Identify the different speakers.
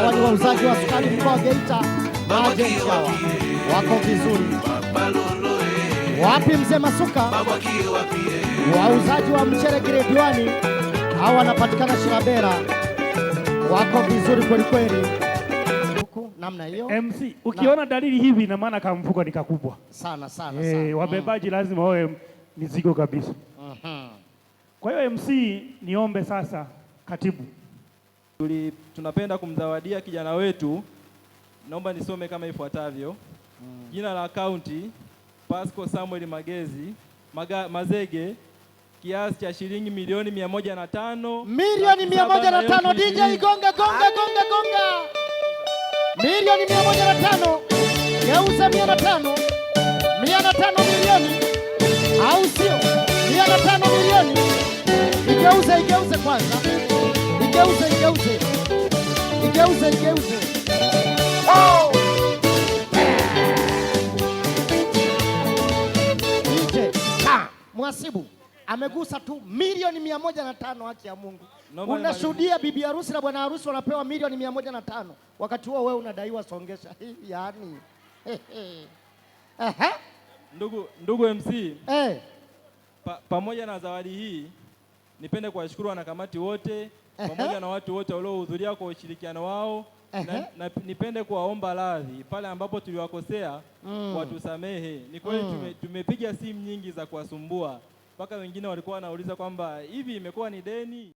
Speaker 1: hawa ni wauzaji wa sukari mkoa wa Geita, ajenti wako vizuri. Wapi mzee Masuka? Wauzaji wa mchele grade wani hawa wanapatikana Shirabera, wako vizuri kwelikweli
Speaker 2: namna hiyo. MC ukiona dalili hivi, ina maana kama mfuko ni kakubwa
Speaker 1: sana sana eh, sana.
Speaker 2: Mm. wabebaji mm, lazima wawe mizigo kabisa. Mhm. Kwa hiyo MC, niombe sasa katibu
Speaker 3: Tuli, tunapenda kumzawadia kijana wetu, naomba nisome kama ifuatavyo mm. Jina la akaunti Pasco Samuel Magezi Maga, Mazege kiasi cha shilingi milioni mia moja na tano
Speaker 1: milioni mia moja na tano DJ gonga gonga gonga gonga milioni mia moja na tano geuza mia na tano mia na tano milioni au sio? mia na tano milioni igeuze igeuze kwanza Igeuze, igeuze, igeuze, igeuze. Oh! mwasibu amegusa tu milioni mia moja na tano. Haki ya Mungu, unashuhudia bibi harusi na bwana harusi wanapewa milioni mia moja na tano, wakati huo wewe unadaiwa songesha. Yani
Speaker 3: ndugu, ndugu MC eh. Pa, pamoja na zawadi hii nipende kuwashukuru wanakamati wote pamoja na watu wote waliohudhuria kwa ushirikiano wao na, na, nipende kuwaomba radhi pale ambapo tuliwakosea mm. Watusamehe. Ni kweli mm. tume, tumepiga simu nyingi za kuwasumbua mpaka wengine walikuwa wanauliza kwamba hivi imekuwa ni deni.